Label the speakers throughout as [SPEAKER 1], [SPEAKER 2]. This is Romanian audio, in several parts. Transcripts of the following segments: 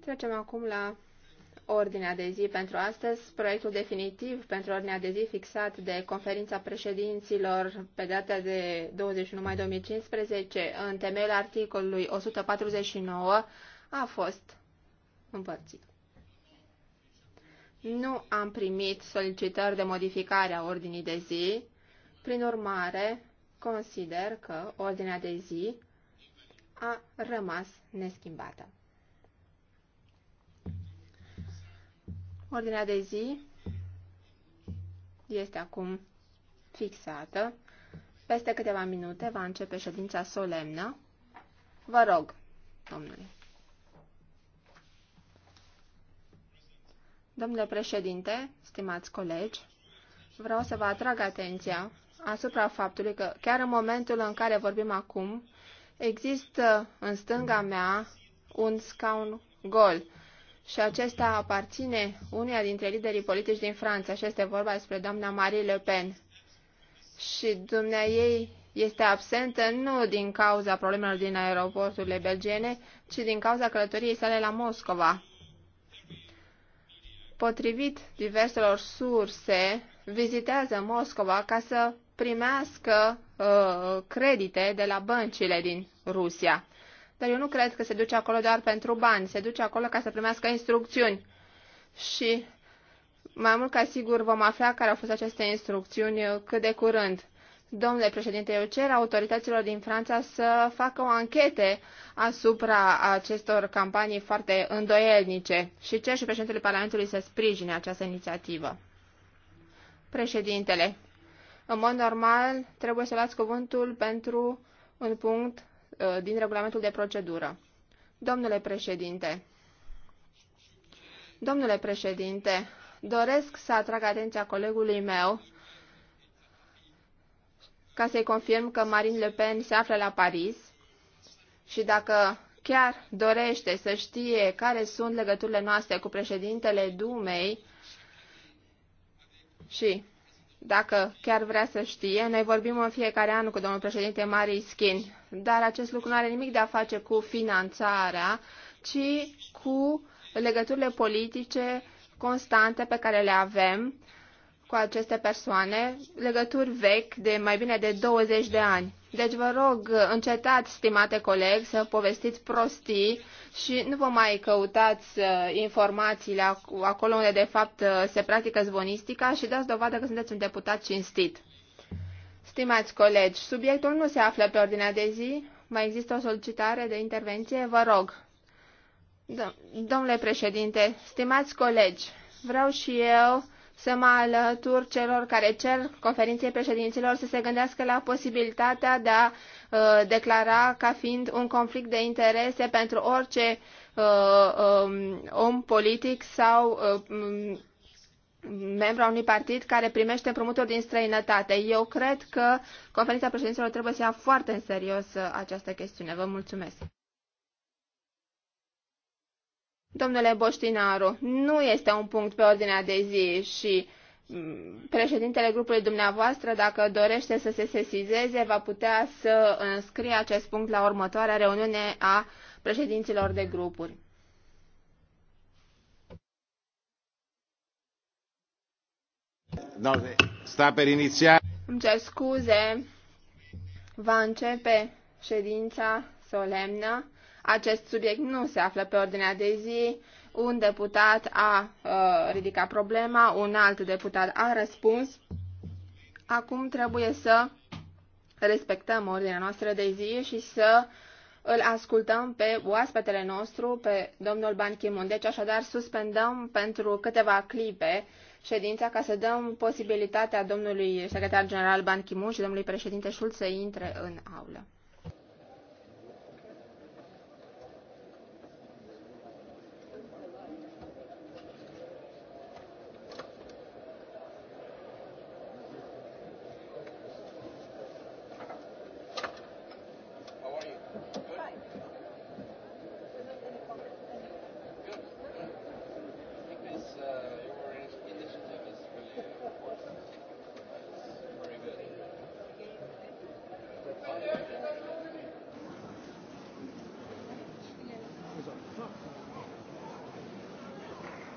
[SPEAKER 1] Trecem acum la ordinea de zi pentru astăzi. Proiectul definitiv pentru ordinea de zi fixat de conferința președinților pe data de 21 mai 2015 în temeiul articolului 149 a fost împărțit. Nu am primit solicitări de modificare a ordinii de zi, prin urmare consider că ordinea de zi a rămas neschimbată. Ordinea de zi este acum fixată. Peste câteva minute va începe ședința solemnă. Vă rog, domnule. Domnule președinte, stimați colegi, vreau să vă atrag atenția asupra faptului că chiar în momentul în care vorbim acum, există în stânga mea un scaun gol și acesta aparține uneia dintre liderii politici din Franța și este vorba despre doamna Marie Le Pen. Și dumnea ei este absentă nu din cauza problemelor din aeroporturile belgiene, ci din cauza călătoriei sale la Moscova. Potrivit diverselor surse, vizitează Moscova ca să primească uh, credite de la băncile din Rusia dar eu nu cred că se duce acolo doar pentru bani, se duce acolo ca să primească instrucțiuni. Și mai mult ca sigur vom afla care au fost aceste instrucțiuni cât de curând. Domnule președinte, eu cer autorităților din Franța să facă o anchete asupra acestor campanii foarte îndoielnice și cer și președintele Parlamentului să sprijine această inițiativă. Președintele, în mod normal trebuie să luați cuvântul pentru un punct Uh, din regulamentul de procedură. Domnule președinte, domnule președinte, doresc să atrag atenția colegului meu ca să-i confirm că Marine Le Pen se află la Paris și dacă chiar dorește să știe care sunt legăturile noastre cu președintele Dumei și dacă chiar vrea să știe, noi vorbim în fiecare an cu domnul președinte Marii Skin, dar acest lucru nu are nimic de a face cu finanțarea, ci cu legăturile politice constante pe care le avem cu aceste persoane, legături vechi de mai bine de 20 de ani. Deci vă rog, încetați, stimate coleg, să povestiți prostii și nu vă mai căutați uh, informațiile acolo unde de fapt uh, se practică zvonistica și dați dovadă că sunteți un deputat cinstit. Stimați colegi, subiectul nu se află pe ordinea de zi. Mai există o solicitare de intervenție? Vă rog. Domnule președinte, stimați colegi, vreau și eu să mă alătur celor care cer conferinței președinților să se gândească la posibilitatea de a uh, declara ca fiind un conflict de interese pentru orice uh, um, om politic sau uh, membru a unui partid care primește împrumuturi din străinătate. Eu cred că conferința președinților trebuie să ia foarte în serios uh, această chestiune. Vă mulțumesc! Domnule Boștinaru, nu este un punct pe ordinea de zi și mm, președintele grupului dumneavoastră, dacă dorește să se sesizeze, va putea să înscrie acest punct la următoarea reuniune a președinților de grupuri. No, sta per iniziare. Îmi cer scuze. Va începe ședința solemnă. Acest subiect nu se află pe ordinea de zi. Un deputat a uh, ridicat problema, un alt deputat a răspuns. Acum trebuie să respectăm ordinea noastră de zi și să îl ascultăm pe oaspetele nostru, pe domnul Ban Ki-moon. Deci așadar suspendăm pentru câteva clipe ședința ca să dăm posibilitatea domnului secretar general Ban Ki-moon și domnului președinte Schulz să intre în aulă.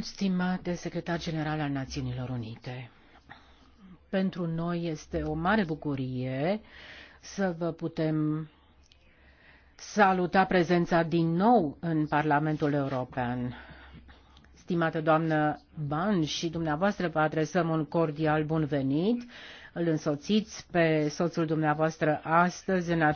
[SPEAKER 1] stimate secretar general al Națiunilor Unite, pentru noi este o mare bucurie să vă putem saluta prezența din nou în Parlamentul European. Stimată doamnă Ban și dumneavoastră vă adresăm un cordial bun venit. Îl însoțiți pe soțul dumneavoastră astăzi în acest